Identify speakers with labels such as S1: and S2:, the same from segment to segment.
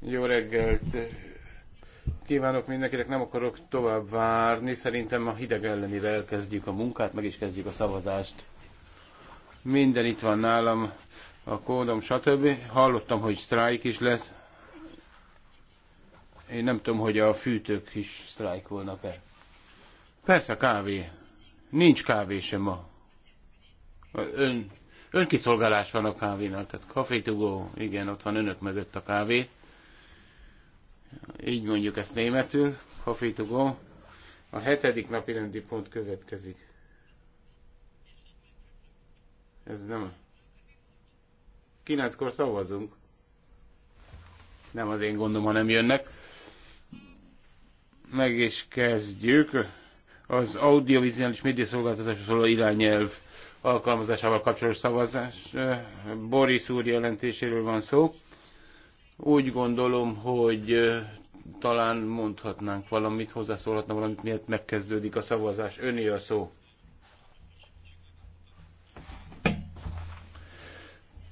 S1: Jó reggelt. Kívánok mindenkinek, nem akarok tovább várni. Szerintem a hideg ellenére elkezdjük a munkát, meg is kezdjük a szavazást. Minden itt van nálam, a kódom, stb. Hallottam, hogy sztrájk is lesz. Én nem tudom, hogy a fűtők is sztrájkolnak-e. Persze, kávé. Nincs kávé sem ma. Ön önkiszolgálás van a kávénál, tehát Café Tugó, igen, ott van önök mögött a kávé. Így mondjuk ezt németül, Café Tugó. A hetedik napi rendi pont következik. Ez nem... Kilenckor szavazunk. Nem az én gondom, ha nem jönnek. Meg is kezdjük. Az audiovizuális médiaszolgáltatásra szóló irányelv alkalmazásával kapcsolatos szavazás. Eh, Boris úr jelentéséről van szó. Úgy gondolom, hogy eh, talán mondhatnánk valamit, hozzászólhatna valamit, miért megkezdődik a szavazás. Öné a szó.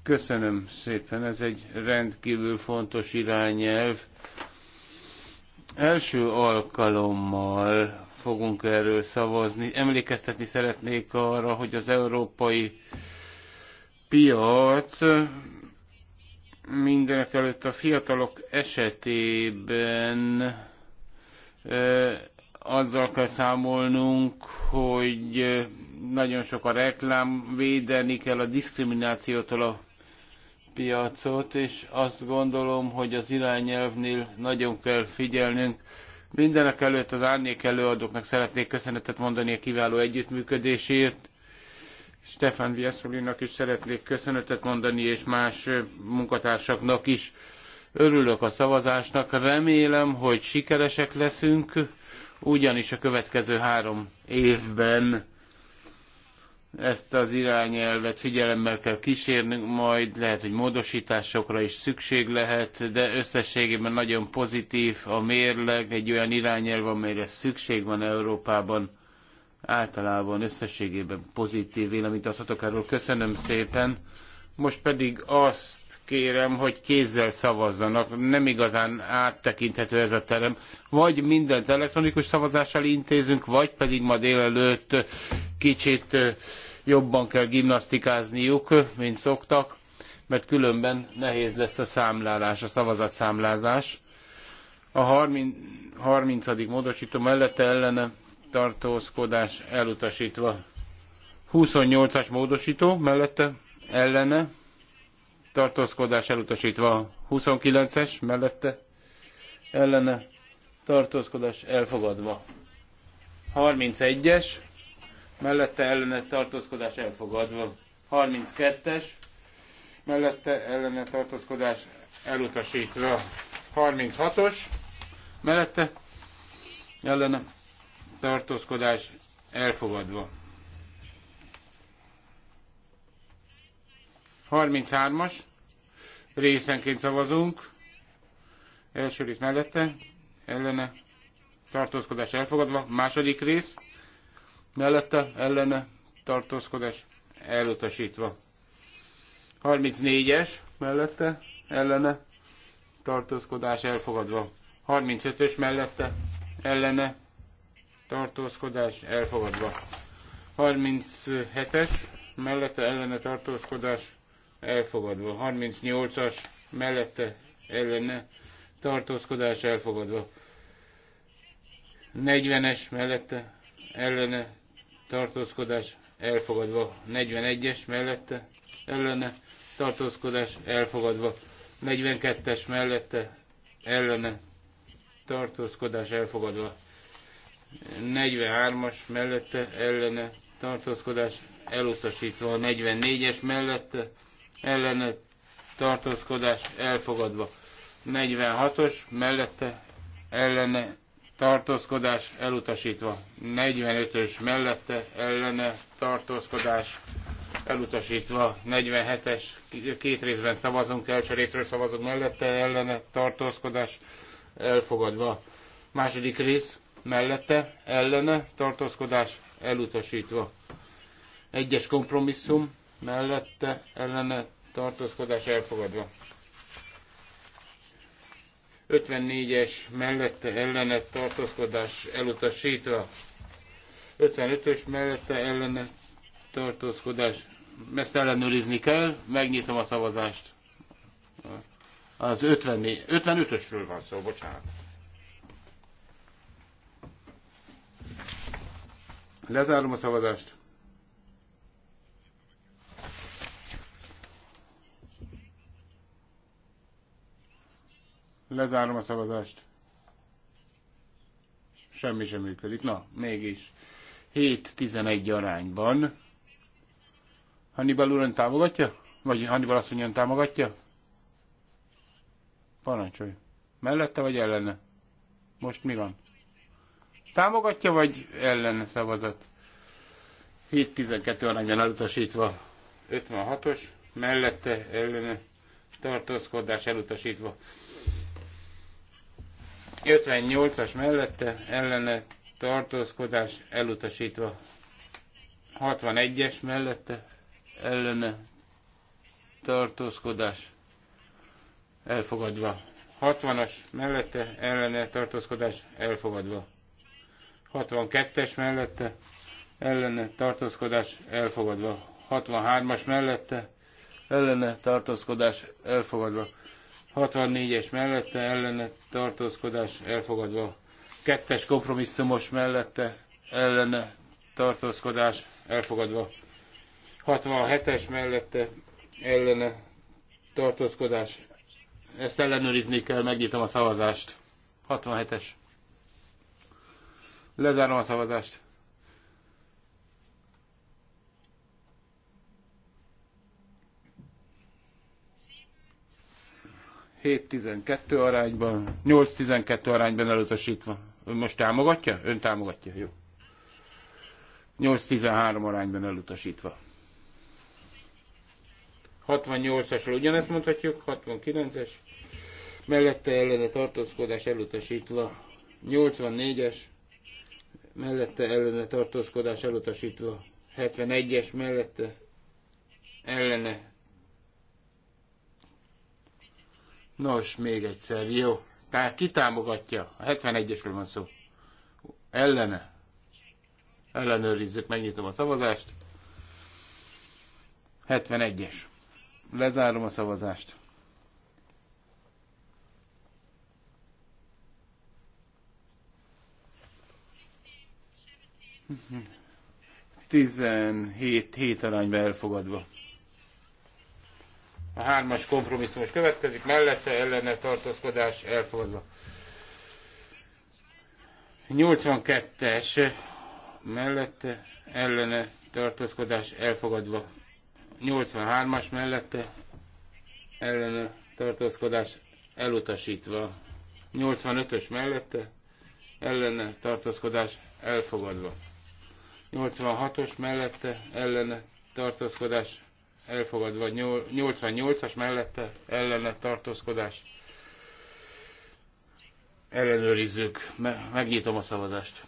S1: Köszönöm szépen, ez egy rendkívül fontos irányelv. Első alkalommal fogunk erről szavazni. Emlékeztetni szeretnék arra, hogy az európai piac mindenek előtt a fiatalok esetében azzal kell számolnunk, hogy nagyon sok a reklám, védeni kell a diszkriminációtól a piacot, és azt gondolom, hogy az irányelvnél nagyon kell figyelnünk Mindenek előtt az árnyék előadóknak szeretnék köszönetet mondani a kiváló együttműködésért. Stefan Viaszolinak is szeretnék köszönetet mondani, és más munkatársaknak is. Örülök a szavazásnak, remélem, hogy sikeresek leszünk, ugyanis a következő három évben ezt az irányelvet figyelemmel kell kísérnünk, majd lehet, hogy módosításokra is szükség lehet, de összességében nagyon pozitív a mérleg, egy olyan irányelv, amelyre szükség van Európában. Általában összességében pozitív véleményt adhatok erről. Köszönöm szépen! Most pedig azt kérem, hogy kézzel szavazzanak. Nem igazán áttekinthető ez a terem. Vagy mindent elektronikus szavazással intézünk, vagy pedig ma délelőtt kicsit jobban kell gimnasztikázniuk, mint szoktak, mert különben nehéz lesz a számlálás, a szavazatszámlázás. A 30. 30. módosító mellette ellene tartózkodás elutasítva. 28-as módosító mellette ellene, tartózkodás elutasítva 29-es mellette, ellene, tartózkodás elfogadva 31-es, mellette ellene tartózkodás elfogadva 32-es, mellette ellene tartózkodás elutasítva 36-os, mellette ellene tartózkodás elfogadva 33-as, részenként szavazunk. Első rész mellette, ellene, tartózkodás elfogadva. Második rész, mellette, ellene, tartózkodás elutasítva. 34-es, mellette, ellene, tartózkodás elfogadva. 35-ös mellette, ellene, tartózkodás elfogadva. 37-es, mellette ellene tartózkodás elfogadva. 38-as mellette ellene tartózkodás elfogadva. 40-es mellette ellene tartózkodás elfogadva. 41-es mellette ellene tartózkodás elfogadva. 42-es mellette ellene tartózkodás elfogadva. 43-as mellette ellene tartózkodás elutasítva. 44-es mellette ellene tartózkodás elfogadva. 46-os mellette ellene tartózkodás elutasítva. 45-ös mellette ellene tartózkodás elutasítva. 47-es két részben szavazunk, első részről szavazunk mellette ellene tartózkodás elfogadva. Második rész mellette ellene tartózkodás elutasítva. Egyes kompromisszum mellette ellene tartózkodás elfogadva. 54-es mellette ellene tartózkodás elutasítva. 55-ös mellette ellene tartózkodás. Ezt ellenőrizni kell, megnyitom a szavazást. Az 54, 55-ösről van szó, bocsánat. Lezárom a szavazást. Lezárom a szavazást. Semmi sem működik. Na, mégis. 7-11 arányban. Hannibal úrön támogatja? Vagy Hannibal asszonyon támogatja? Parancsolj. Mellette vagy ellene? Most mi van? Támogatja vagy ellene szavazat? 7-12 arányban elutasítva. 56-os, mellette ellene tartózkodás elutasítva. 58-as mellette ellene tartózkodás elutasítva. 61-es mellette ellene tartózkodás elfogadva. 60-as mellette ellene tartózkodás elfogadva. 62-es mellette ellene tartózkodás elfogadva. 63-as mellette ellene tartózkodás elfogadva. 64-es mellette ellene tartózkodás elfogadva. Kettes kompromisszumos mellette ellene tartózkodás elfogadva. 67-es mellette ellene tartózkodás. Ezt ellenőrizni kell, megnyitom a szavazást. 67-es. Lezárom a szavazást. 7-12 arányban, 8-12 arányban elutasítva. Ön most támogatja? Ön támogatja, jó. 8-13 arányban elutasítva. 68-asról ugyanezt mondhatjuk, 69-es. Mellette ellene tartózkodás elutasítva. 84-es. Mellette ellene tartózkodás elutasítva. 71-es mellette ellene Nos, még egyszer, jó. Tehát ki támogatja? A 71-esről van szó. Ellene. Ellenőrizzük, megnyitom a szavazást. 71-es. Lezárom a szavazást. Tizenhét hét arányba elfogadva. A hármas is következik, mellette ellene tartózkodás elfogadva. 82-es mellette ellene tartózkodás elfogadva. 83-as mellette ellene tartózkodás elutasítva. 85-ös mellette ellene tartózkodás elfogadva. 86-os mellette ellene tartózkodás elfogadva 88-as mellette ellene tartózkodás. Ellenőrizzük, megnyitom a szavazást.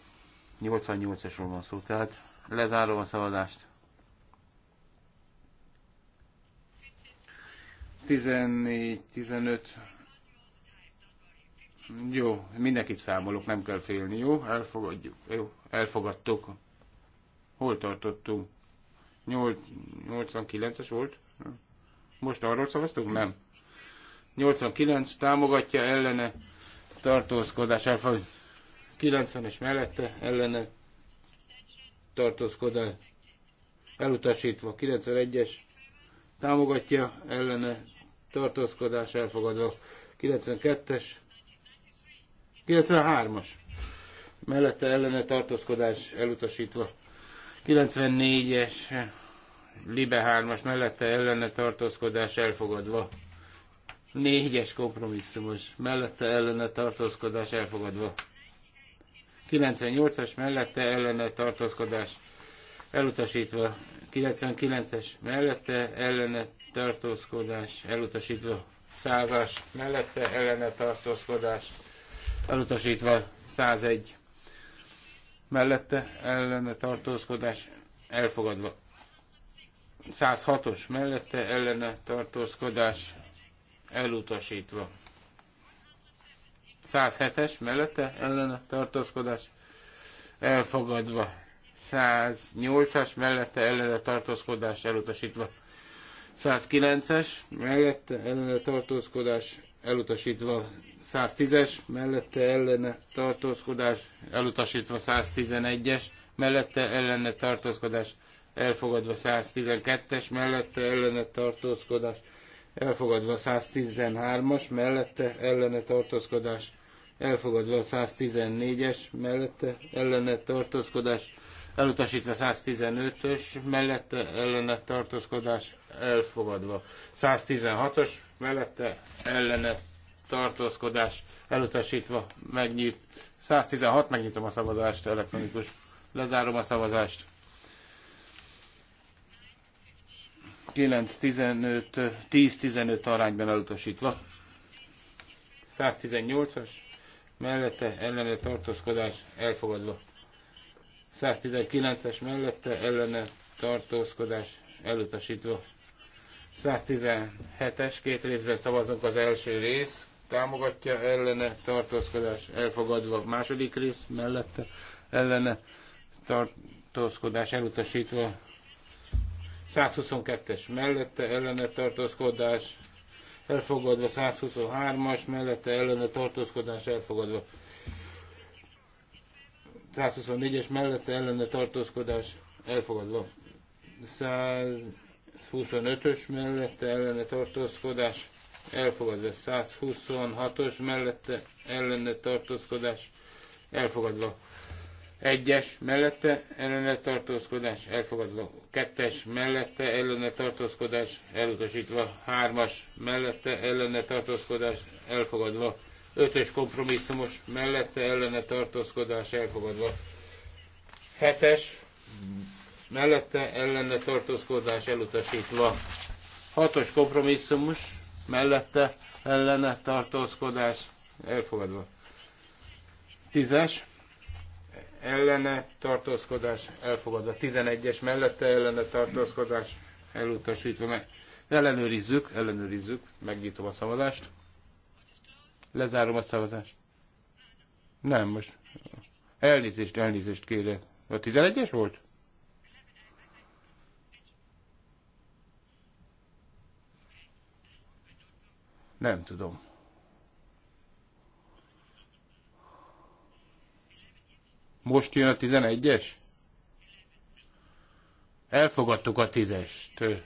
S1: 88 esról van szó, tehát lezárom a szavazást. 14-15 jó, mindenkit számolok, nem kell félni, jó? Elfogadjuk, jó, elfogadtuk. Hol tartottunk? 89-es volt? Most arról szavaztunk? Nem. 89 támogatja ellene tartózkodás elfogadás. 90-es mellette ellene tartózkodás elutasítva. 91-es támogatja ellene tartózkodás elfogadva. 92-es 93-as mellette ellene tartózkodás elutasítva. 94-es Libe 3-as mellette ellene tartózkodás elfogadva. 4-es kompromisszumos mellette ellene tartózkodás elfogadva. 98-as mellette ellene tartózkodás elutasítva. 99-es mellette ellene tartózkodás elutasítva. 100-as mellette ellene tartózkodás elutasítva. 101 mellette ellene tartózkodás elfogadva. 106-os mellette ellene tartózkodás elutasítva. 107-es mellette ellene tartózkodás elfogadva. 108-as mellette ellene tartózkodás elutasítva. 109-es mellette ellene tartózkodás elutasítva 110-es, mellette ellene tartózkodás, elutasítva 111-es, mellette ellene tartózkodás, elfogadva 112-es, mellette ellene tartózkodás, elfogadva 113-as, mellette ellene tartózkodás, elfogadva 114-es, mellette ellene tartózkodás, elutasítva 115-ös, mellette ellene tartózkodás elfogadva. 116-os, mellette ellene tartózkodás elutasítva megnyit. 116, megnyitom a szavazást elektronikus. Lezárom a szavazást. 9-15, 10-15 arányban elutasítva. 118-as, mellette ellene tartózkodás elfogadva. 119-es mellette ellene tartózkodás elutasítva. 117-es két részben szavazunk az első rész, támogatja ellene tartózkodás elfogadva, második rész mellette ellene tartózkodás elutasítva. 122-es mellette ellene tartózkodás elfogadva, 123-as mellette ellene tartózkodás elfogadva, 124-es mellette ellene tartózkodás elfogadva. 125-ös mellette ellene tartózkodás elfogadva. 126-os mellette ellene tartózkodás elfogadva. 1-es mellette ellene tartózkodás elfogadva. 2-es mellette ellene tartózkodás elutasítva. 3-as mellette ellene tartózkodás elfogadva. Ötös kompromisszumos mellette ellene tartózkodás elfogadva. Hetes mellette ellene tartózkodás elutasítva. Hatos kompromisszumos mellette ellene tartózkodás elfogadva. Tízes ellene tartózkodás elfogadva. tizenegyes mellette ellene tartózkodás elutasítva. Ellenőrizzük, ellenőrizzük, megnyitom a szavazást. Lezárom a szavazást. Nem, most elnézést, elnézést kérek. A 11-es volt? Nem tudom. Most jön a 11-es? Elfogadtuk a 10-est.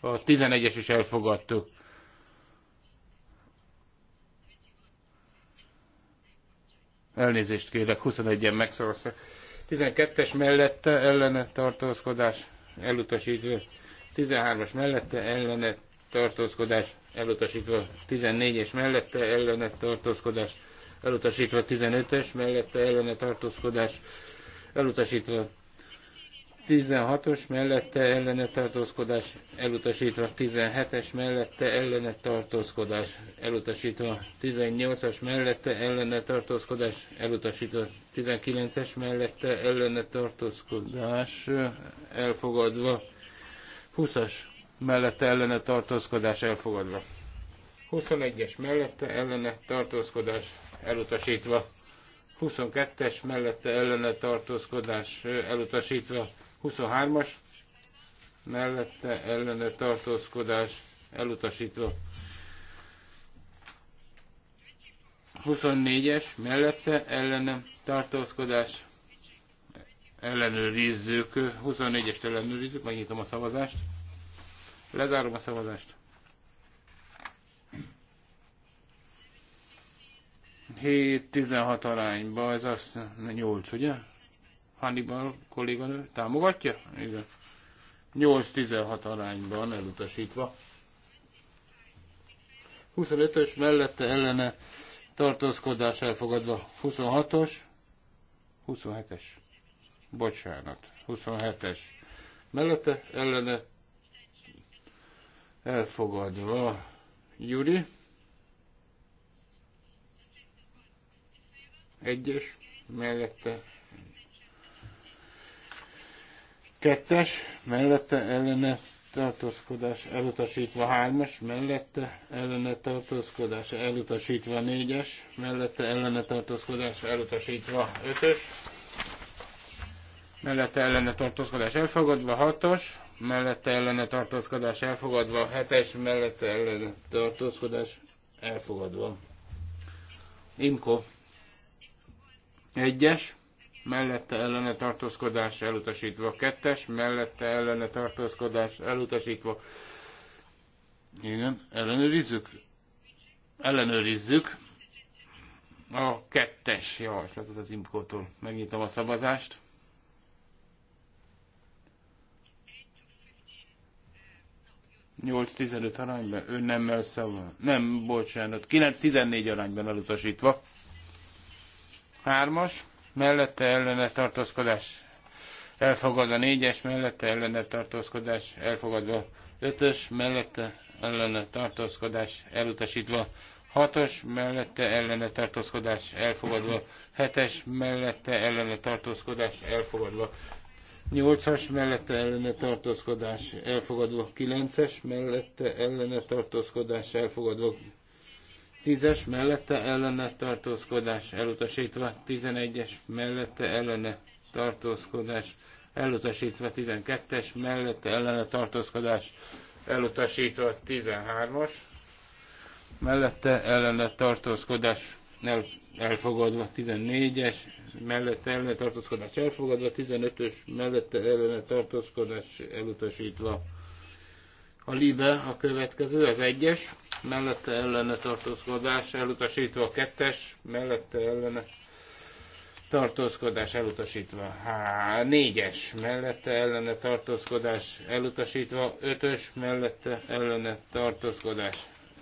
S1: A 11-es is elfogadtuk. Elnézést kérek, 21-en megszoroztak. 12-es mellette ellene tartózkodás elutasítva. 13-as mellette ellene tartózkodás elutasítva. 14-es mellette ellene tartózkodás elutasítva. 15-es mellette ellene tartózkodás elutasítva. 16-os mellette ellene tartózkodás elutasítva, 17-es mellette ellene tartózkodás elutasítva, 18-as mellette ellene tartózkodás elutasítva, 19-es mellette ellene tartózkodás elfogadva, 20-as mellette ellene tartózkodás elfogadva, 21-es mellette ellene tartózkodás elutasítva, 22-es mellette ellene tartózkodás elutasítva, 23-as mellette ellene tartózkodás elutasítva. 24-es mellette ellene tartózkodás ellenőrizzük. 24-est ellenőrizzük, megnyitom a szavazást. Lezárom a szavazást. 7-16 arányba, ez azt 8, ugye? Hannibal kolléganő támogatja? Igen. 8-16 arányban elutasítva. 25-ös mellette ellene tartózkodás elfogadva. 26-os, 27-es. Bocsánat, 27-es. Mellette ellene elfogadva. 1-es. mellette Kettes, mellette ellene tartózkodás elutasítva hármas, mellette ellene tartózkodás elutasítva négyes, mellette ellene tartózkodás elutasítva ötös, mellette ellene tartózkodás elfogadva hatos, mellette ellene tartózkodás elfogadva hetes, mellette ellene tartózkodás elfogadva. Imko. Egyes, mellette ellene tartózkodás elutasítva, kettes, mellette ellene tartózkodás elutasítva. Igen, ellenőrizzük. Ellenőrizzük a kettes javaslatot az Imkótól. Megnyitom a szavazást. Nyolc tizenöt arányban, ő nem elszava. Nem, bocsánat, 9-14 arányban elutasítva. Hármas mellette ellene tartózkodás elfogadva, négyes mellette ellene tartózkodás elfogadva, ötös mellette ellene tartózkodás elutasítva, hatos mellette ellene tartózkodás elfogadva, hetes mellette ellene tartózkodás elfogadva, nyolcas mellette ellene tartózkodás elfogadva, kilences mellette ellene tartózkodás elfogadva, 10-es mellette ellene tartózkodás elutasítva, 11-es mellette ellene tartózkodás elutasítva, 12-es mellette ellene tartózkodás elutasítva, 13-as mellette ellene tartózkodás el, elfogadva, 14-es mellette ellene tartózkodás elfogadva, 15-ös mellette ellene tartózkodás elutasítva. A libe a következő, az egyes, mellette ellene tartózkodás, elutasítva a kettes, mellette ellene tartózkodás elutasítva. Há, négyes mellette ellene tartózkodás elutasítva, ötös mellette ellene tartózkodás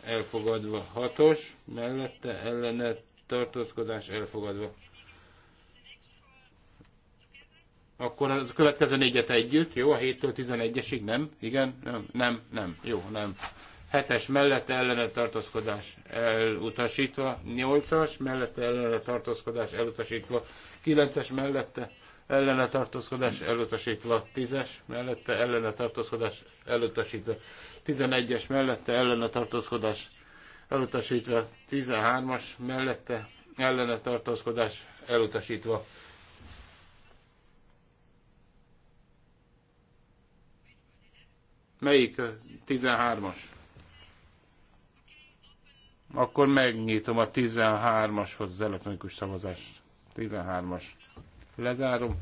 S1: elfogadva, hatos mellette ellene tartózkodás elfogadva. Akkor az a következő négyet együtt, jó? A 7-től 11-esig, nem? Igen? Nem, nem, nem. Jó, nem. 7-es mellette ellene tartózkodás elutasítva, 8-as mellette ellene tartózkodás elutasítva, 9-es mellette ellene tartózkodás elutasítva, 10-es mellette ellene tartózkodás elutasítva, 11-es mellette ellene tartózkodás elutasítva, 13-as mellette ellene tartózkodás elutasítva. Melyik 13-as? Akkor megnyitom a 13-ashoz az elektronikus szavazást. 13-as. Lezárom.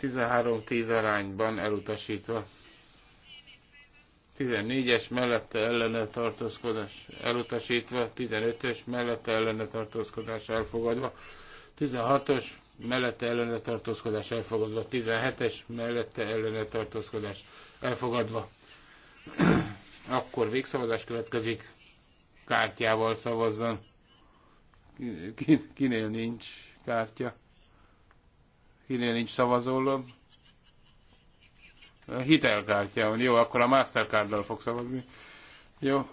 S1: 13-10 arányban elutasítva. 14-es mellette ellene tartózkodás elutasítva, 15-ös mellette ellene tartózkodás elfogadva, 16-os mellette ellene tartózkodás elfogadva, 17-es mellette ellene tartózkodás elfogadva. Akkor végszavazás következik, kártyával szavazzon. Kinél nincs kártya? Kinél nincs szavazólom? Hitelkártya van. Jó, akkor a Mastercarddal fog szavazni. Jó.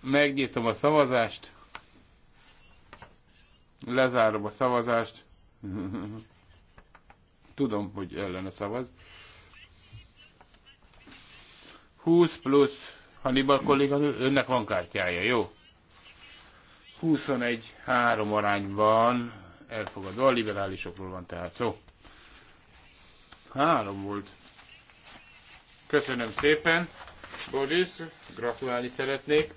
S1: Megnyitom a szavazást. Lezárom a szavazást. Tudom, hogy ellene szavaz. 20 plusz Hannibal kolléga, önnek van kártyája, jó? 21-3 arányban elfogadva, a liberálisokról van tehát szó. Három volt. Köszönöm szépen, Boris, gratulálni szeretnék.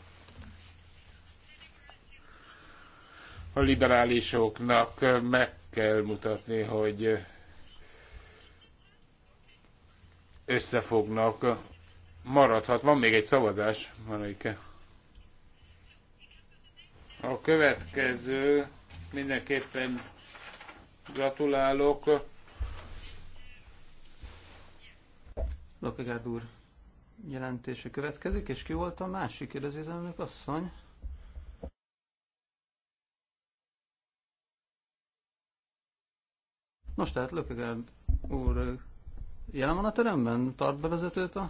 S1: A liberálisoknak meg kell mutatni, hogy összefognak. Maradhat. Van még egy szavazás, Marike. A következő mindenképpen gratulálok.
S2: Lokegárd úr jelentése következik, és ki volt a másik kérdezőzőnök asszony? Most tehát Lökegárd úr jelen van a teremben? Tart bevezetőt a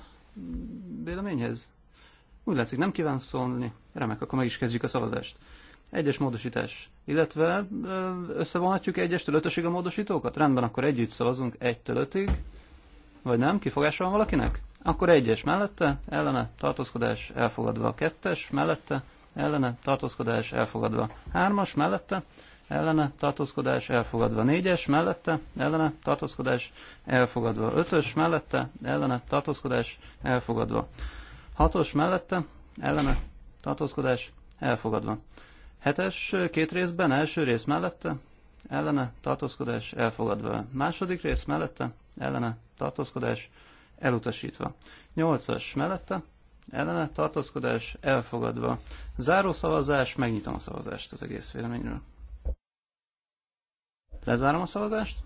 S2: véleményhez? Úgy látszik, nem kíván szólni. Remek, akkor meg is kezdjük a szavazást. Egyes módosítás. Illetve összevonhatjuk egyestől ötösig a módosítókat? Rendben, akkor együtt szavazunk egytől ötig. Vagy nem? Kifogása van valakinek? Akkor egyes mellette, ellene, tartózkodás elfogadva. Kettes mellette, ellene, tartózkodás elfogadva. Hármas mellette, ellene tartózkodás elfogadva négyes mellette, ellene tartózkodás elfogadva ötös mellette, ellene tartózkodás elfogadva hatos mellette, ellene tartózkodás elfogadva hetes két részben, első rész mellette, ellene tartózkodás elfogadva második rész mellette, ellene tartózkodás elutasítva nyolcas mellette, ellene tartózkodás elfogadva. Záró szavazás, megnyitom a szavazást az egész véleményről. Lezárom a szavazást.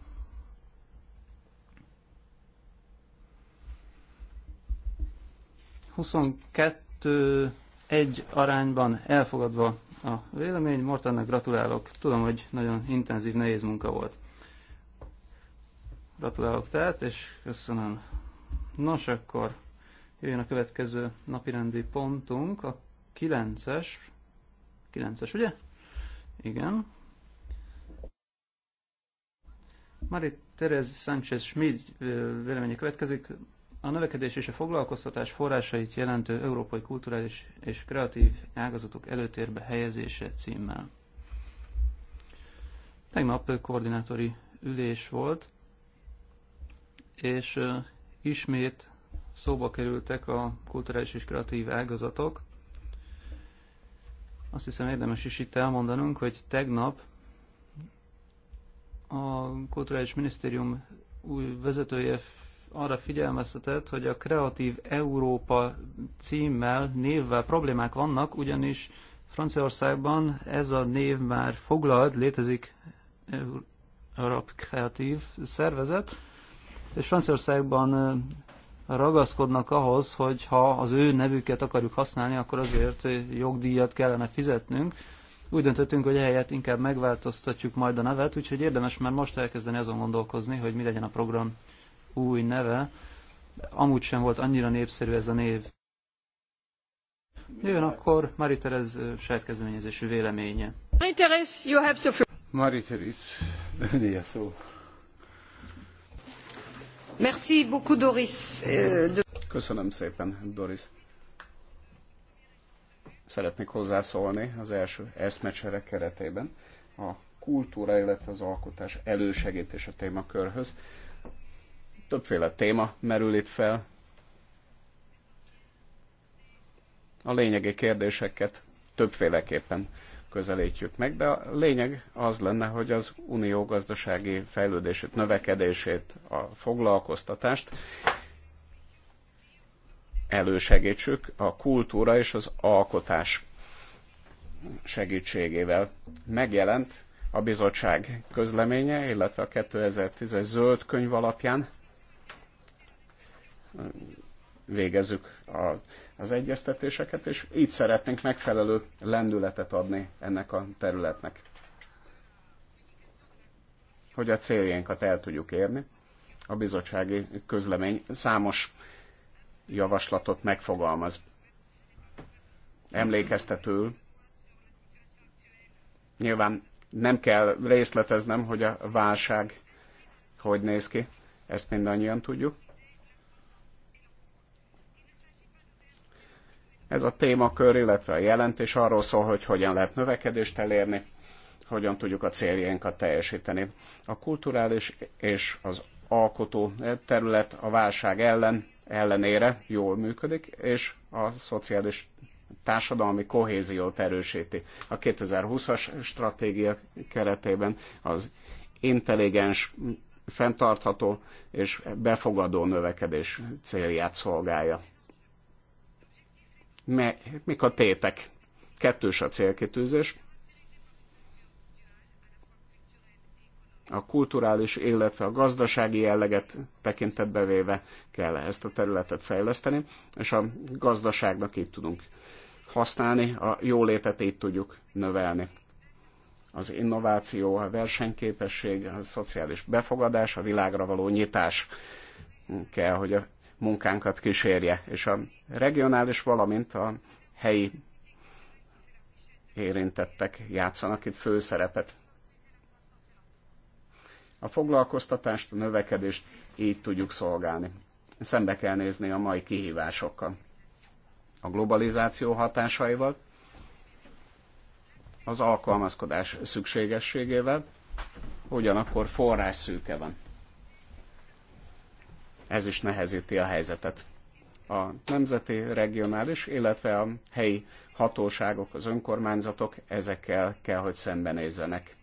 S2: Huszonkettő egy arányban elfogadva a vélemény. Mortannak gratulálok. Tudom, hogy nagyon intenzív, nehéz munka volt. Gratulálok tehát, és köszönöm. Nos, akkor jöjjön a következő napirendi pontunk, a 9-es. 9-es, ugye? Igen. Mari Terez Sánchez Schmid véleménye következik. A növekedés és a foglalkoztatás forrásait jelentő európai kulturális és kreatív ágazatok előtérbe helyezése címmel. Tegnap koordinátori ülés volt, és ismét szóba kerültek a kulturális és kreatív ágazatok. Azt hiszem érdemes is itt elmondanunk, hogy tegnap a Kulturális Minisztérium új vezetője arra figyelmeztetett, hogy a Kreatív Európa címmel, névvel problémák vannak, ugyanis Franciaországban ez a név már foglalt, létezik Arab Kreatív Szervezet, és Franciaországban ragaszkodnak ahhoz, hogy ha az ő nevüket akarjuk használni, akkor azért jogdíjat kellene fizetnünk, úgy döntöttünk, hogy ehelyett inkább megváltoztatjuk majd a nevet, úgyhogy érdemes már most elkezdeni azon gondolkozni, hogy mi legyen a program új neve. Amúgy sem volt annyira népszerű ez a név. Jön akkor Mari Terez saját kezdeményezésű véleménye.
S1: Mari Terez, you have the floor.
S2: Mari Terez, a szó.
S1: Merci beaucoup, Doris. Euh,
S3: Köszönöm szépen, Doris szeretnék hozzászólni az első eszmecsere keretében a kultúra, illetve az alkotás elősegítése témakörhöz. Többféle téma merül itt fel. A lényegi kérdéseket többféleképpen közelítjük meg, de a lényeg az lenne, hogy az unió gazdasági fejlődését, növekedését, a foglalkoztatást elősegítsük a kultúra és az alkotás segítségével. Megjelent a bizottság közleménye, illetve a 2010-es zöld könyv alapján végezzük a, az egyeztetéseket, és így szeretnénk megfelelő lendületet adni ennek a területnek, hogy a céljainkat el tudjuk érni. A bizottsági közlemény számos javaslatot megfogalmaz. Emlékeztetőül. Nyilván nem kell részleteznem, hogy a válság hogy néz ki, ezt mindannyian tudjuk. Ez a témakör, illetve a jelentés arról szól, hogy hogyan lehet növekedést elérni, hogyan tudjuk a céljainkat teljesíteni. A kulturális és az alkotó terület a válság ellen ellenére jól működik, és a szociális társadalmi kohéziót erősíti. A 2020-as stratégia keretében az intelligens, fenntartható és befogadó növekedés célját szolgálja. Mik a tétek? Kettős a célkitűzés, a kulturális, illetve a gazdasági jelleget tekintetbe véve kell ezt a területet fejleszteni, és a gazdaságnak itt tudunk használni, a jólétet itt tudjuk növelni. Az innováció, a versenyképesség, a szociális befogadás, a világra való nyitás kell, hogy a munkánkat kísérje, és a regionális, valamint a helyi érintettek játszanak itt főszerepet a foglalkoztatást, a növekedést így tudjuk szolgálni. Szembe kell nézni a mai kihívásokkal. A globalizáció hatásaival, az alkalmazkodás szükségességével, ugyanakkor forrás szűke van. Ez is nehezíti a helyzetet. A nemzeti, regionális, illetve a helyi hatóságok, az önkormányzatok ezekkel kell, hogy szembenézzenek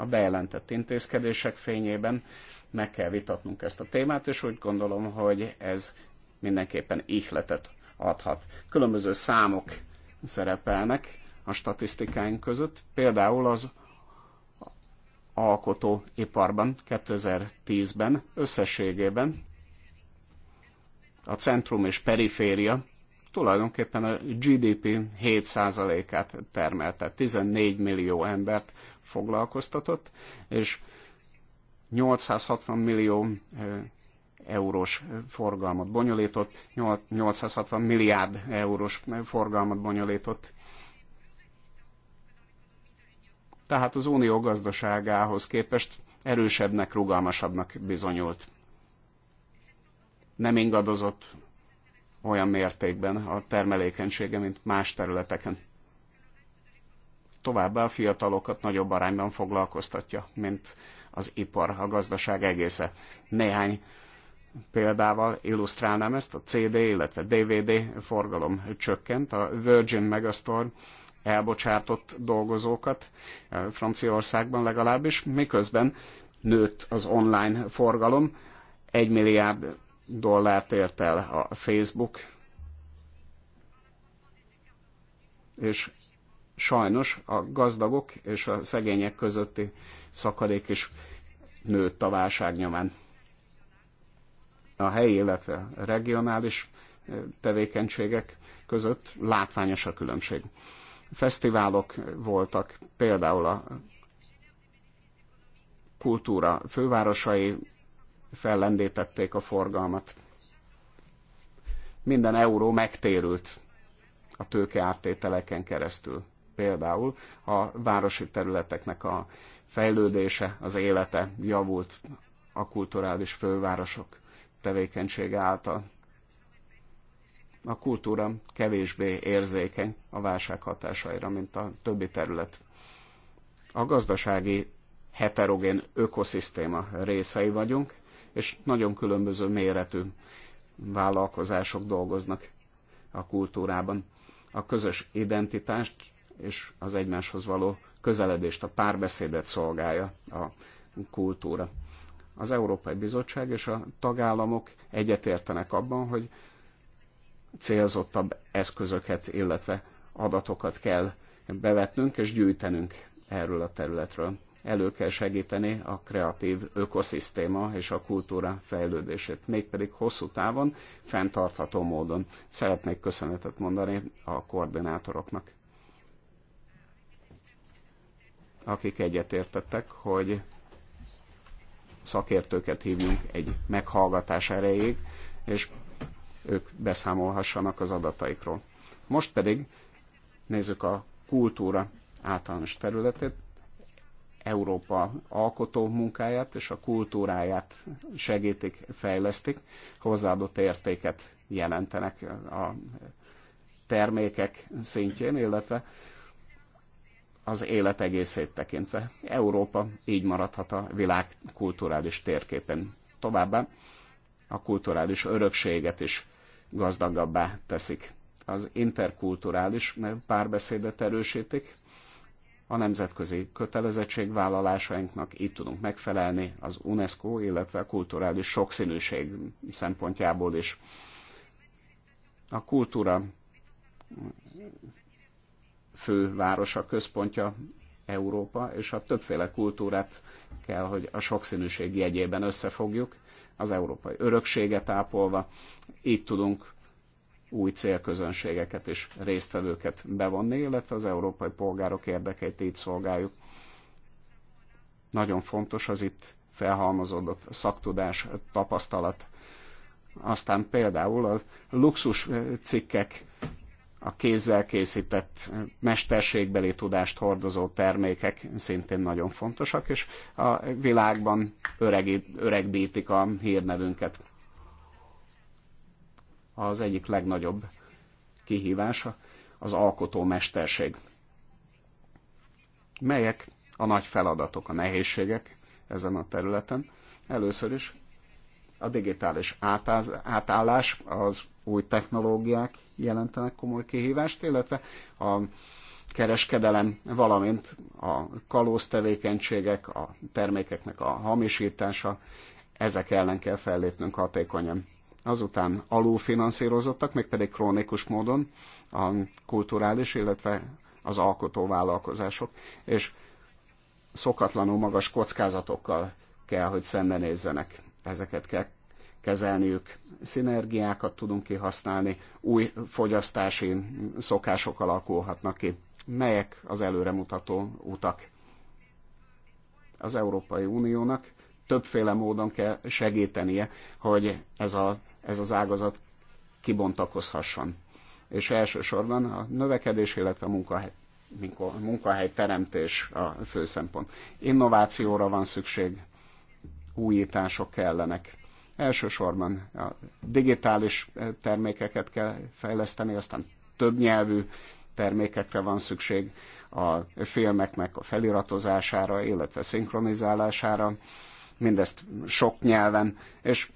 S3: a bejelentett intézkedések fényében meg kell vitatnunk ezt a témát, és úgy gondolom, hogy ez mindenképpen ihletet adhat. Különböző számok szerepelnek a statisztikáink között, például az alkotóiparban 2010-ben összességében a centrum és periféria tulajdonképpen a GDP 7%-át termelte, 14 millió embert foglalkoztatott, és 860 millió eurós forgalmat bonyolított, 860 milliárd eurós forgalmat bonyolított. Tehát az unió gazdaságához képest erősebbnek, rugalmasabbnak bizonyult. Nem ingadozott olyan mértékben a termelékenysége, mint más területeken továbbá a fiatalokat nagyobb arányban foglalkoztatja, mint az ipar, a gazdaság egésze. Néhány példával illusztrálnám ezt, a CD, illetve DVD forgalom csökkent, a Virgin Megastore elbocsátott dolgozókat, eh, Franciaországban legalábbis, miközben nőtt az online forgalom, egy milliárd dollárt ért el a Facebook, és sajnos a gazdagok és a szegények közötti szakadék is nőtt a válság nyomán. A helyi, illetve regionális eh, tevékenységek között látványos a különbség. Fesztiválok voltak, például a kultúra fővárosai fellendítették a forgalmat. Minden euró megtérült a tőke áttételeken keresztül például a városi területeknek a fejlődése, az élete javult a kulturális fővárosok tevékenysége által. A kultúra kevésbé érzékeny a válság hatásaira, mint a többi terület. A gazdasági heterogén ökoszisztéma részei vagyunk, és nagyon különböző méretű vállalkozások dolgoznak a kultúrában. A közös identitást és az egymáshoz való közeledést, a párbeszédet szolgálja a kultúra. Az Európai Bizottság és a tagállamok egyetértenek abban, hogy célzottabb eszközöket, illetve adatokat kell bevetnünk és gyűjtenünk erről a területről. Elő kell segíteni a kreatív ökoszisztéma és a kultúra fejlődését, mégpedig hosszú távon, fenntartható módon. Szeretnék köszönetet mondani a koordinátoroknak akik egyetértettek, hogy szakértőket hívjunk egy meghallgatás erejéig, és ők beszámolhassanak az adataikról. Most pedig nézzük a kultúra általános területét, Európa alkotó munkáját és a kultúráját segítik, fejlesztik, hozzáadott értéket jelentenek a termékek szintjén, illetve az élet egészét tekintve. Európa így maradhat a világ kulturális térképen. Továbbá a kulturális örökséget is gazdagabbá teszik. Az interkulturális párbeszédet erősítik, a nemzetközi kötelezettségvállalásainknak itt tudunk megfelelni az UNESCO, illetve a kulturális sokszínűség szempontjából is. A kultúra Fő városa, központja Európa, és a többféle kultúrát kell, hogy a sokszínűség jegyében összefogjuk, az európai örökséget ápolva, így tudunk új célközönségeket és résztvevőket bevonni, illetve az európai polgárok érdekeit így szolgáljuk. Nagyon fontos az itt felhalmozódott szaktudás, tapasztalat. Aztán például a luxus cikkek a kézzel készített mesterségbeli tudást hordozó termékek szintén nagyon fontosak, és a világban öregi, öregbítik a hírnevünket. Az egyik legnagyobb kihívása az alkotó mesterség. Melyek a nagy feladatok, a nehézségek ezen a területen? Először is a digitális átállás az új technológiák jelentenek komoly kihívást, illetve a kereskedelem, valamint a kalóz tevékenységek, a termékeknek a hamisítása, ezek ellen kell fellépnünk hatékonyan. Azután alulfinanszírozottak, mégpedig krónikus módon a kulturális, illetve az alkotó vállalkozások és szokatlanul magas kockázatokkal kell, hogy szembenézzenek. Ezeket kell kezelniük, szinergiákat tudunk kihasználni, új fogyasztási szokások alakulhatnak ki. Melyek az előremutató utak? Az Európai Uniónak többféle módon kell segítenie, hogy ez, a, ez az ágazat kibontakozhasson. És elsősorban a növekedés, illetve a munkahely, munkahely teremtés a fő szempont. Innovációra van szükség, újítások kellenek Elsősorban a digitális eh, termékeket kell fejleszteni, aztán több nyelvű termékekre van szükség a filmeknek a feliratozására, illetve szinkronizálására, mindezt sok nyelven, és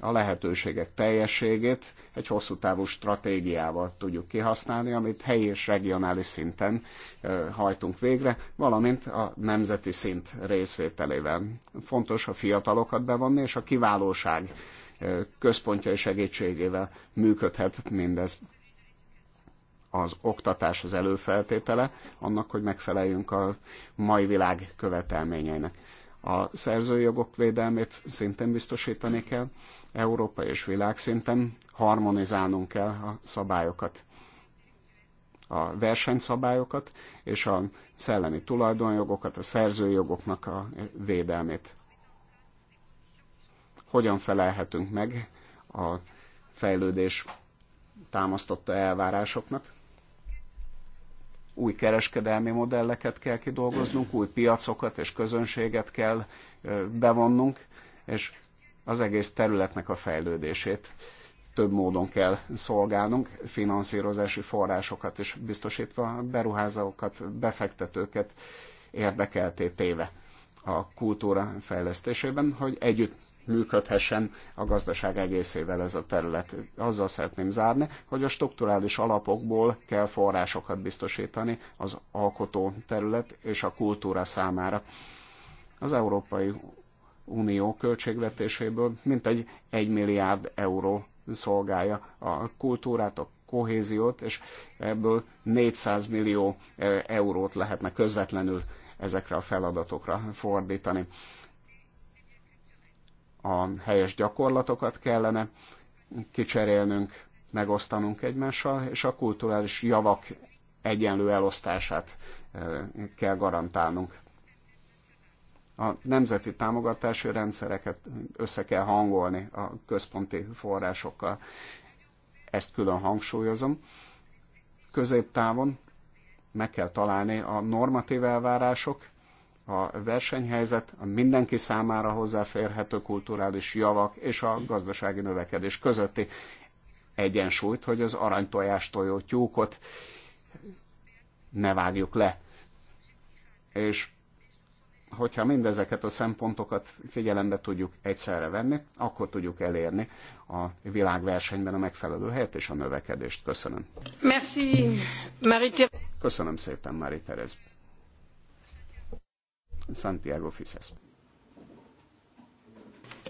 S3: a lehetőségek teljességét egy hosszú távú stratégiával tudjuk kihasználni, amit helyi és regionális szinten hajtunk végre, valamint a nemzeti szint részvételével. Fontos a fiatalokat bevonni, és a kiválóság központjai segítségével működhet mindez. Az oktatás az előfeltétele annak, hogy megfeleljünk a mai világ követelményeinek a szerzői jogok védelmét szintén biztosítani kell, Európa és világszinten harmonizálnunk kell a szabályokat, a versenyszabályokat és a szellemi tulajdonjogokat, a szerzői jogoknak a védelmét. Hogyan felelhetünk meg a fejlődés támasztotta elvárásoknak? új kereskedelmi modelleket kell kidolgoznunk, új piacokat és közönséget kell bevonnunk, és az egész területnek a fejlődését több módon kell szolgálnunk, finanszírozási forrásokat is biztosítva, beruházókat, befektetőket érdekelté téve a kultúra fejlesztésében, hogy együtt működhessen a gazdaság egészével ez a terület. Azzal szeretném zárni, hogy a strukturális alapokból kell forrásokat biztosítani az alkotó terület és a kultúra számára. Az Európai Unió költségvetéséből mintegy 1 milliárd euró szolgálja a kultúrát, a kohéziót, és ebből 400 millió eh, eurót lehetne közvetlenül ezekre a feladatokra fordítani a helyes gyakorlatokat kellene kicserélnünk, megosztanunk egymással, és a kulturális javak egyenlő elosztását e, kell garantálnunk. A nemzeti támogatási rendszereket össze kell hangolni a központi forrásokkal. Ezt külön hangsúlyozom. Középtávon meg kell találni a normatív elvárások, a versenyhelyzet, a mindenki számára hozzáférhető kulturális javak és a gazdasági növekedés közötti egyensúlyt, hogy az aranytojás tojó tyúkot ne vágjuk le. És hogyha mindezeket a szempontokat figyelembe tudjuk egyszerre venni, akkor tudjuk elérni a világversenyben a megfelelő helyet és a növekedést. Köszönöm.
S2: Merci, Marie
S3: Köszönöm szépen, Marie Terez. Santiago Fisas.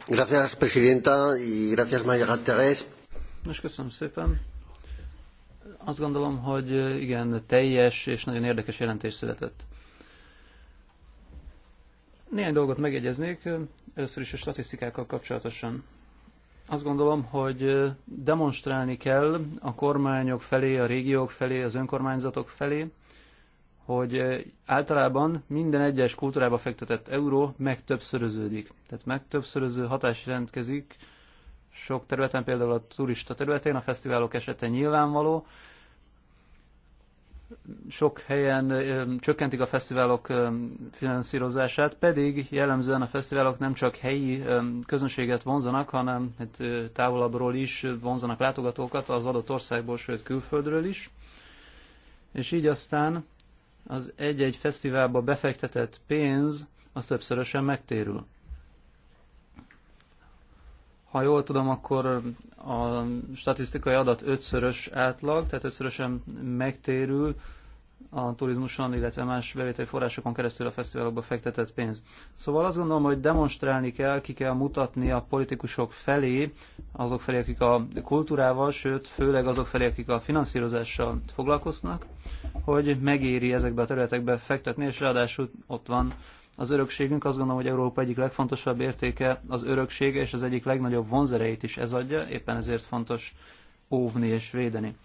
S2: Gracias, presidenta, y gracias, Maya Terez. Nos, köszönöm szépen. Azt gondolom, hogy igen, teljes és nagyon érdekes jelentés született. Néhány dolgot megjegyeznék, először is a statisztikákkal kapcsolatosan. Azt gondolom, hogy demonstrálni kell a kormányok felé, a régiók felé, az önkormányzatok felé, hogy általában minden egyes kultúrába fektetett euró megtöbbszöröződik. Tehát megtöbbszöröző hatás jelentkezik sok területen, például a turista területén, a fesztiválok esete nyilvánvaló. Sok helyen ö, csökkentik a fesztiválok ö, finanszírozását, pedig jellemzően a fesztiválok nem csak helyi ö, közönséget vonzanak, hanem hát, ö, távolabbról is vonzanak látogatókat az adott országból, sőt külföldről is. És így aztán az egy-egy fesztiválba befektetett pénz az többszörösen megtérül. Ha jól tudom, akkor a statisztikai adat ötszörös átlag, tehát ötszörösen megtérül a turizmuson, illetve más bevételi forrásokon keresztül a fesztiválokba fektetett pénz. Szóval azt gondolom, hogy demonstrálni kell, ki kell mutatni a politikusok felé, azok felé, akik a kultúrával, sőt, főleg azok felé, akik a finanszírozással foglalkoznak, hogy megéri ezekbe a területekbe fektetni, és ráadásul ott van az örökségünk. Azt gondolom, hogy Európa egyik legfontosabb értéke az öröksége, és az egyik legnagyobb vonzereit is ez adja, éppen ezért fontos óvni és védeni.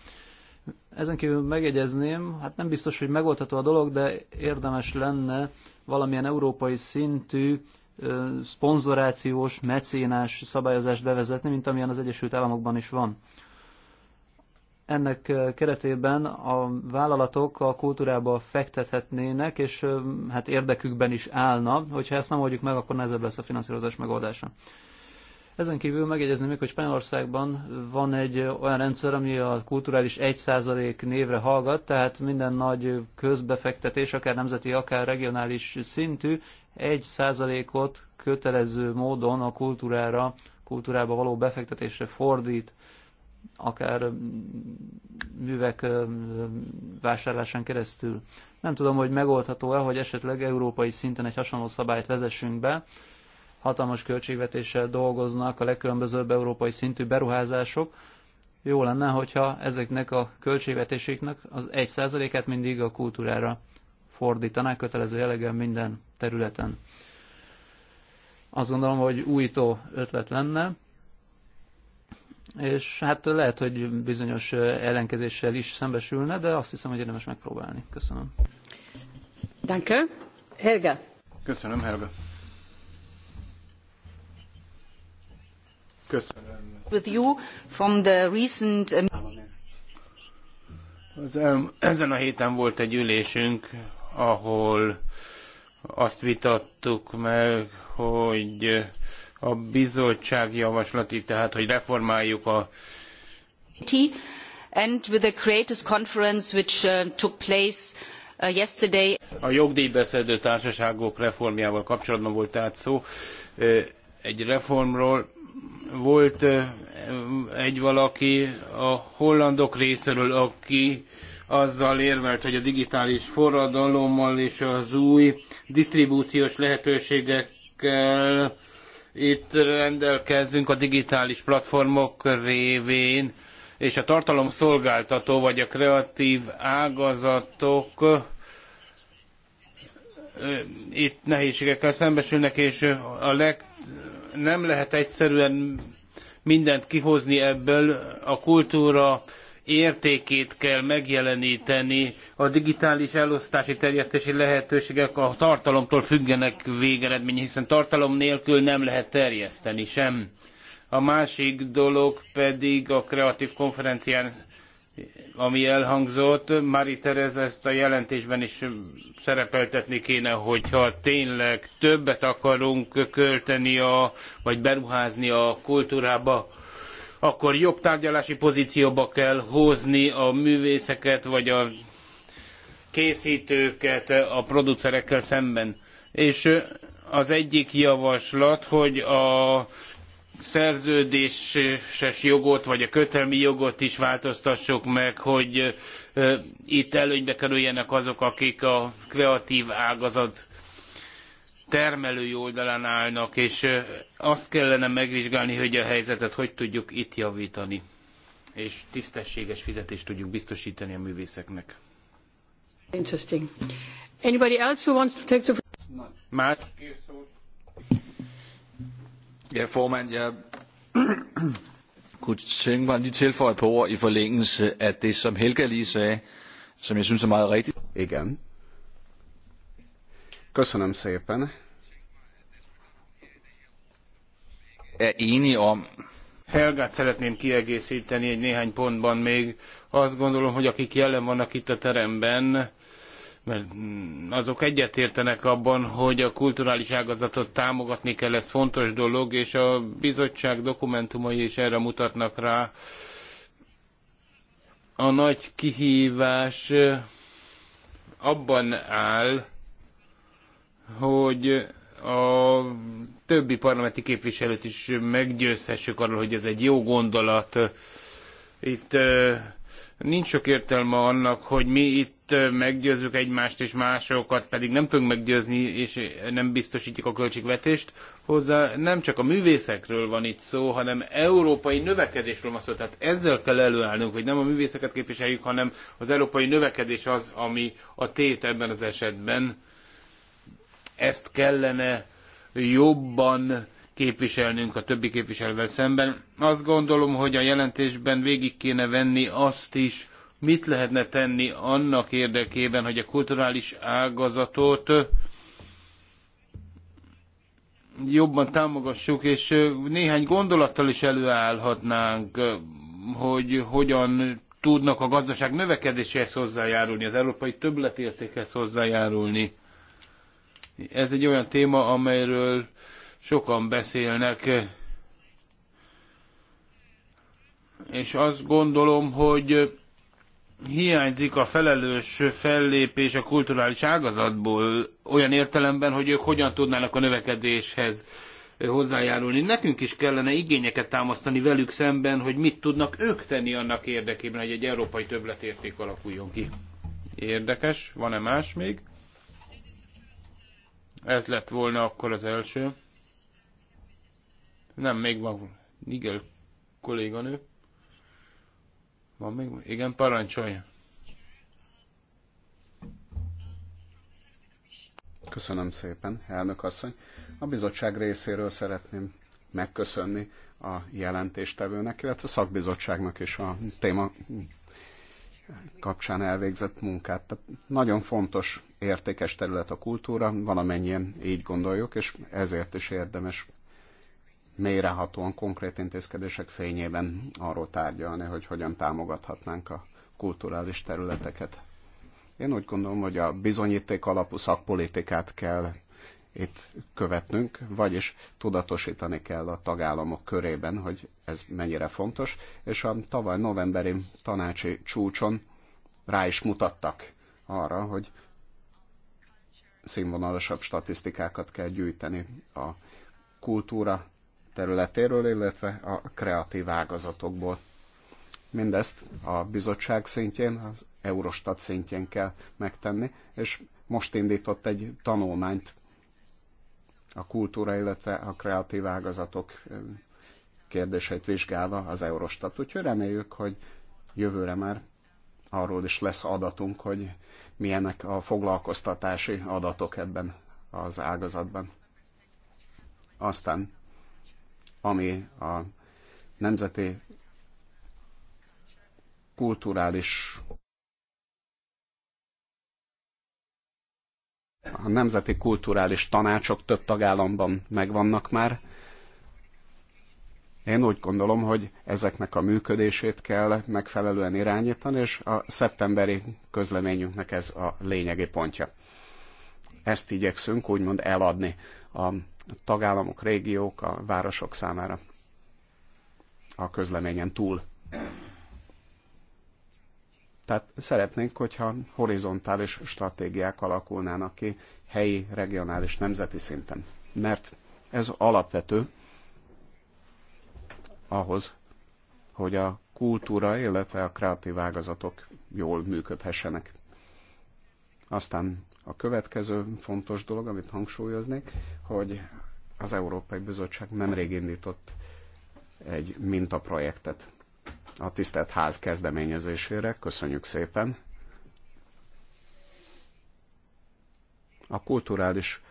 S2: Ezen kívül megjegyezném, hát nem biztos, hogy megoldható a dolog, de érdemes lenne valamilyen európai szintű szponzorációs, mecénás szabályozást bevezetni, mint amilyen az Egyesült Államokban is van. Ennek keretében a vállalatok a kultúrába fektethetnének, és hát érdekükben is állna, hogyha ezt nem oldjuk meg, akkor nehezebb lesz a finanszírozás megoldása. Ezen kívül megjegyezni még, hogy Spanyolországban van egy olyan rendszer, ami a kulturális 1% névre hallgat, tehát minden nagy közbefektetés, akár nemzeti, akár regionális szintű, 1%-ot kötelező módon a kultúrára, kultúrába való befektetésre fordít, akár mm, művek mm, vásárlásán keresztül. Nem tudom, hogy megoldható-e, hogy esetleg európai szinten egy hasonló szabályt vezessünk be, hatalmas költségvetéssel dolgoznak a legkülönbözőbb európai szintű beruházások. Jó lenne, hogyha ezeknek a költségvetéséknek az 1%-át mindig a kultúrára fordítanák kötelező jelleggel minden területen. Azt gondolom, hogy újító ötlet lenne, és hát lehet, hogy bizonyos ellenkezéssel is szembesülne, de azt hiszem, hogy érdemes megpróbálni. Köszönöm. Danke. Helga. Köszönöm, Helga. With you from the recent...
S1: Um, ezen a héten volt egy ülésünk, ahol azt vitattuk meg, hogy a bizottság javaslati, tehát hogy reformáljuk a and
S3: with the creators conference which uh, took place uh, yesterday.
S1: A jogdíjbeszedő társaságok reformjával kapcsolatban volt tehát szó egy reformról, volt eh, egy valaki a hollandok részéről, aki azzal érvelt, hogy a digitális forradalommal és az új disztribúciós lehetőségekkel itt rendelkezünk a digitális platformok révén, és a tartalomszolgáltató vagy a kreatív ágazatok eh, itt nehézségekkel szembesülnek, és a leg nem lehet egyszerűen mindent kihozni ebből, a kultúra értékét kell megjeleníteni, a digitális elosztási terjesztési lehetőségek a tartalomtól függenek végeredmény, hiszen tartalom nélkül nem lehet terjeszteni sem. A másik dolog pedig a kreatív konferencián ami elhangzott. Mari Terez ezt a jelentésben is szerepeltetni kéne, hogyha tényleg többet akarunk költeni, a, vagy beruházni a kultúrába, akkor jobb tárgyalási pozícióba kell hozni a művészeket, vagy a készítőket a producerekkel szemben. És az egyik javaslat, hogy a szerződéses jogot, vagy a kötelmi jogot is változtassuk meg, hogy itt előnybe kerüljenek azok, akik a kreatív ágazat termelői oldalán állnak, és azt kellene megvizsgálni, hogy a helyzetet hogy tudjuk itt javítani, és tisztességes fizetést tudjuk biztosítani a művészeknek. Interesting. Anybody else who wants to take the... Más Ja, formand, jeg
S2: kunne tænke mig lige tilføje et par ord i forlængelse af det, som Helga lige sagde, som jeg synes er meget rigtigt. Igen.
S3: Köszönöm szépen.
S1: Er enige om, Helgát szeretném kiegészíteni egy néhány pontban még. Azt gondolom, hogy akik jelen vannak itt a teremben, mert mm, azok egyetértenek abban, hogy a kulturális ágazatot támogatni kell, ez fontos dolog, és a bizottság dokumentumai is erre mutatnak rá. A nagy kihívás eh, abban áll, hogy a többi parlamenti képviselőt is meggyőzhessük arról, hogy ez egy jó gondolat. Itt eh, nincs sok értelme annak, hogy mi itt meggyőzzük egymást, és másokat pedig nem tudunk meggyőzni, és nem biztosítjuk a költségvetést. Hozzá nem csak a művészekről van itt szó, hanem európai növekedésről van szó. Tehát ezzel kell előállnunk, hogy nem a művészeket képviseljük, hanem az európai növekedés az, ami a tét ebben az esetben. Ezt kellene jobban képviselnünk a többi képviselővel szemben. Azt gondolom, hogy a jelentésben végig kéne venni azt is, mit lehetne tenni annak érdekében, hogy a kulturális ágazatot jobban támogassuk, és néhány gondolattal is előállhatnánk, hogy hogyan tudnak a gazdaság növekedéséhez hozzájárulni, az európai többletértékhez hozzájárulni. Ez egy olyan téma, amelyről sokan beszélnek, és azt gondolom, hogy hiányzik a felelős fellépés a kulturális ágazatból, olyan értelemben, hogy ők hogyan tudnának a növekedéshez hozzájárulni. Nekünk is kellene igényeket támasztani velük szemben, hogy mit tudnak ők tenni annak érdekében, hogy egy európai többletérték alakuljon ki. Érdekes, van-e más még? Ez lett volna akkor az első. Nem, még van. Nigel kolléganő. Van még? Igen, parancsolja.
S3: Köszönöm szépen, elnök asszony. A bizottság részéről szeretném megköszönni a jelentéstevőnek, illetve a szakbizottságnak is a téma kapcsán elvégzett munkát. Tehát nagyon fontos, értékes terület a kultúra, valamennyien így gondoljuk, és ezért is érdemes mélyrehatóan konkrét intézkedések fényében arról tárgyalni, hogy hogyan támogathatnánk a kulturális területeket. Én úgy gondolom, hogy a bizonyíték alapú szakpolitikát kell itt követnünk, vagyis tudatosítani kell a tagállamok körében, hogy ez mennyire fontos, és a tavaly novemberi tanácsi csúcson rá is mutattak arra, hogy színvonalasabb statisztikákat kell gyűjteni a kultúra területéről, illetve a kreatív ágazatokból. Mindezt a bizottság szintjén, az Eurostat szintjén kell megtenni, és most indított egy tanulmányt a kultúra, illetve a kreatív ágazatok kérdéseit vizsgálva az Eurostat. Úgyhogy reméljük, hogy jövőre már arról is lesz adatunk, hogy milyenek a foglalkoztatási adatok ebben az ágazatban. Aztán ami a nemzeti kulturális a nemzeti kulturális tanácsok több tagállamban megvannak már. Én úgy gondolom, hogy ezeknek a működését kell megfelelően irányítani, és a szeptemberi közleményünknek ez a lényegi pontja. Ezt igyekszünk úgymond eladni a a tagállamok, régiók, a városok számára a közleményen túl. Tehát szeretnénk, hogyha horizontális stratégiák alakulnának ki helyi, regionális, nemzeti szinten. Mert ez alapvető ahhoz, hogy a kultúra, illetve a kreatív ágazatok jól működhessenek. Aztán a következő fontos dolog, amit hangsúlyoznék, hogy az Európai Bizottság nemrég indított egy mintaprojektet a tisztelt ház kezdeményezésére. Köszönjük szépen! A kulturális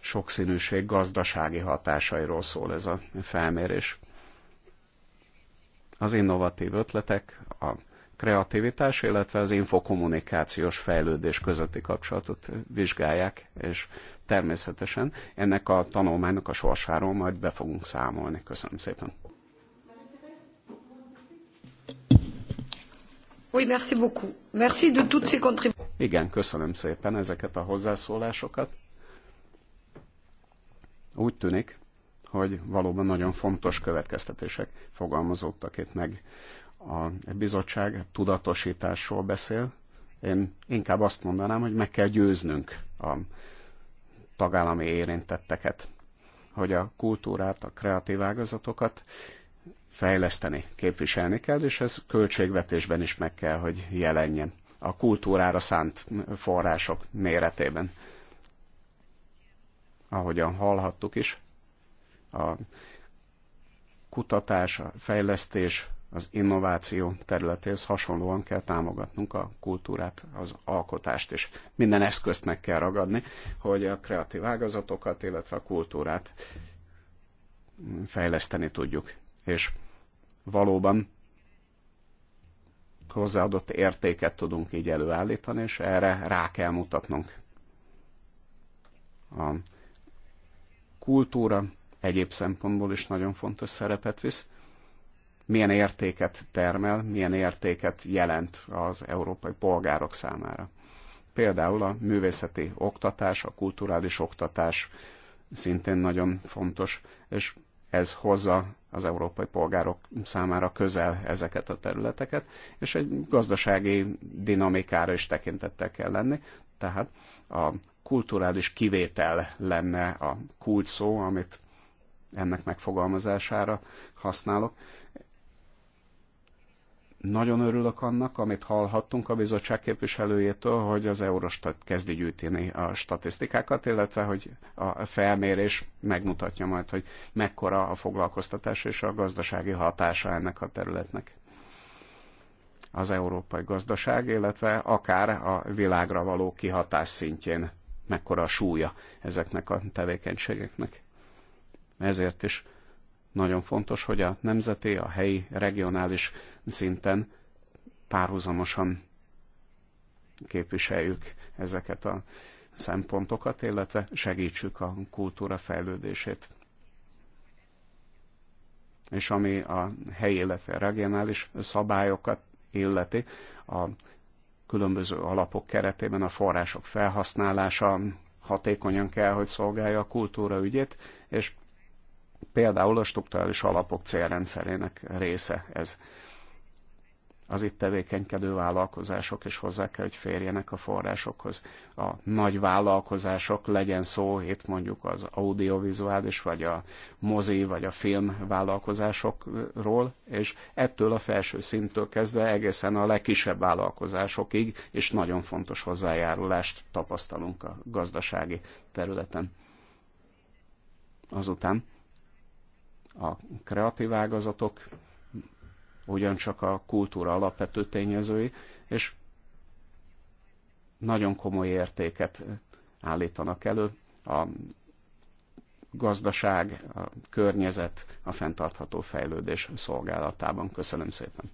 S3: sokszínűség gazdasági hatásairól szól ez a felmérés. Az innovatív ötletek, a kreativitás, illetve az infokommunikációs fejlődés közötti kapcsolatot vizsgálják, és természetesen ennek a tanulmánynak a sorsáról majd be fogunk számolni. Köszönöm szépen.
S1: Oui, merci beaucoup. Merci de toutes ces contributions.
S3: Igen, köszönöm szépen ezeket a hozzászólásokat. Úgy tűnik, hogy valóban nagyon fontos következtetések fogalmazódtak itt meg a bizottság tudatosításról beszél. Én inkább azt mondanám, hogy meg kell győznünk a tagállami érintetteket, hogy a kultúrát, a kreatív ágazatokat fejleszteni, képviselni kell, és ez költségvetésben is meg kell, hogy jelenjen a kultúrára szánt források méretében. Ahogyan hallhattuk is, a kutatás, a fejlesztés, az innováció területéhez hasonlóan kell támogatnunk a kultúrát, az alkotást, és minden eszközt meg kell ragadni, hogy a kreatív ágazatokat, illetve a kultúrát fejleszteni tudjuk. És valóban hozzáadott értéket tudunk így előállítani, és erre rá kell mutatnunk. A kultúra egyéb szempontból is nagyon fontos szerepet visz, milyen értéket termel, milyen értéket jelent az európai polgárok számára. Például a művészeti oktatás, a kulturális oktatás szintén nagyon fontos, és ez hozza az európai polgárok számára közel ezeket a területeket, és egy gazdasági dinamikára is tekintettel kell lenni, tehát a kulturális kivétel lenne a kulcs szó, amit ennek megfogalmazására használok, nagyon örülök annak, amit hallhattunk a bizottság képviselőjétől, hogy az Eurostat kezdi gyűjteni a statisztikákat, illetve hogy a felmérés megmutatja majd, hogy mekkora a foglalkoztatás és a gazdasági hatása ennek a területnek az európai gazdaság, illetve akár a világra való kihatás szintjén mekkora a súlya ezeknek a tevékenységeknek. Ezért is nagyon fontos, hogy a nemzeti, a helyi, regionális szinten párhuzamosan képviseljük ezeket a szempontokat, illetve segítsük a kultúra fejlődését. És ami a helyi, illetve regionális szabályokat illeti, a különböző alapok keretében a források felhasználása hatékonyan kell, hogy szolgálja a kultúra ügyét, és Például a struktúrális alapok célrendszerének része ez. Az itt tevékenykedő vállalkozások is hozzá kell, hogy férjenek a forrásokhoz. A nagy vállalkozások, legyen szó itt mondjuk az audiovizuális, vagy a mozi, vagy a film vállalkozásokról, és ettől a felső szinttől kezdve egészen a legkisebb vállalkozásokig, és nagyon fontos hozzájárulást tapasztalunk a gazdasági területen azután a kreatív ágazatok, ugyancsak a kultúra alapvető tényezői, és nagyon komoly értéket állítanak elő a gazdaság, a környezet, a
S1: fenntartható fejlődés szolgálatában. Köszönöm szépen.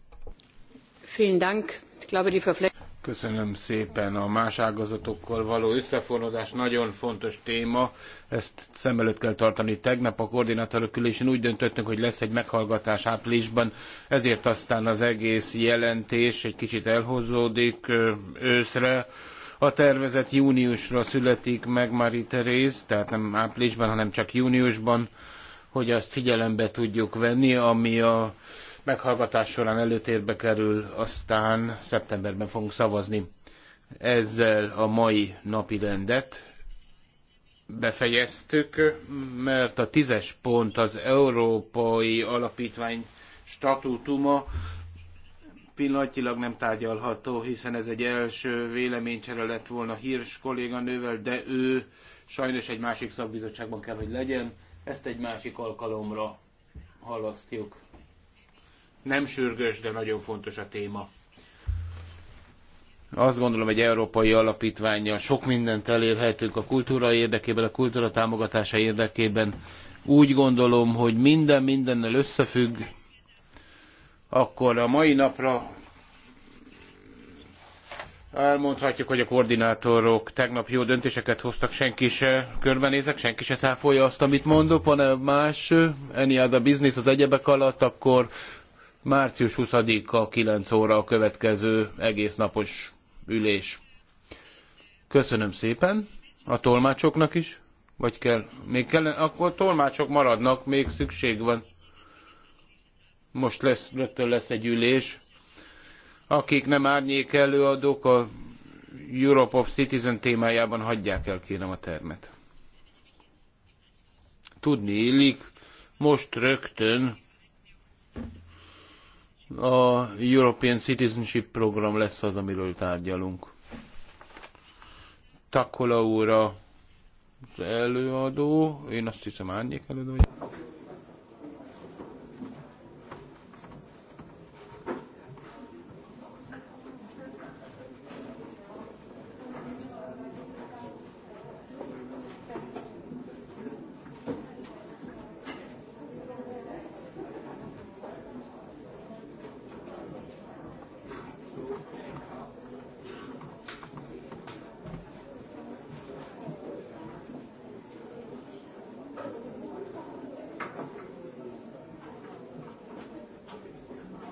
S1: Köszönöm szépen. A más ágazatokkal való összefonódás nagyon fontos téma. Ezt szem előtt kell tartani. Tegnap a koordinátorok ülésén úgy döntöttünk, hogy lesz egy meghallgatás áprilisban, ezért aztán az egész jelentés egy kicsit elhozódik őszre. A tervezet júniusra születik meg Marie Teréz, tehát nem áprilisban, hanem csak júniusban, hogy azt figyelembe tudjuk venni, ami a meghallgatás során előtérbe kerül, aztán szeptemberben fogunk szavazni. Ezzel a mai napi rendet befejeztük, mert a tízes pont az Európai Alapítvány statútuma pillanatilag nem tárgyalható, hiszen ez egy első véleménycsere lett volna Hírs kolléganővel, de ő sajnos egy másik szakbizottságban kell, hogy legyen. Ezt egy másik alkalomra halasztjuk. Nem sürgős, de nagyon fontos a téma. Azt gondolom, hogy európai alapítványjal sok mindent elérhetünk a kultúra érdekében, a kultúra támogatása érdekében. Úgy gondolom, hogy minden mindennel összefügg, akkor a mai napra elmondhatjuk, hogy a koordinátorok tegnap jó döntéseket hoztak, senki se körbenézek, senki se száfolja azt, amit mondok, van-e más, any other business az egyebek alatt, akkor Március 20-a 9 óra a következő egésznapos ülés. Köszönöm szépen a tolmácsoknak is, vagy kell, még kell, akkor tolmácsok maradnak, még szükség van. Most lesz, rögtön lesz egy ülés. Akik nem árnyék előadók, a Europe of Citizen témájában hagyják el kérem a termet. Tudni illik, most rögtön a European Citizenship Program lesz az, amiről tárgyalunk. Takola úr az előadó, én azt hiszem árnyék előadó.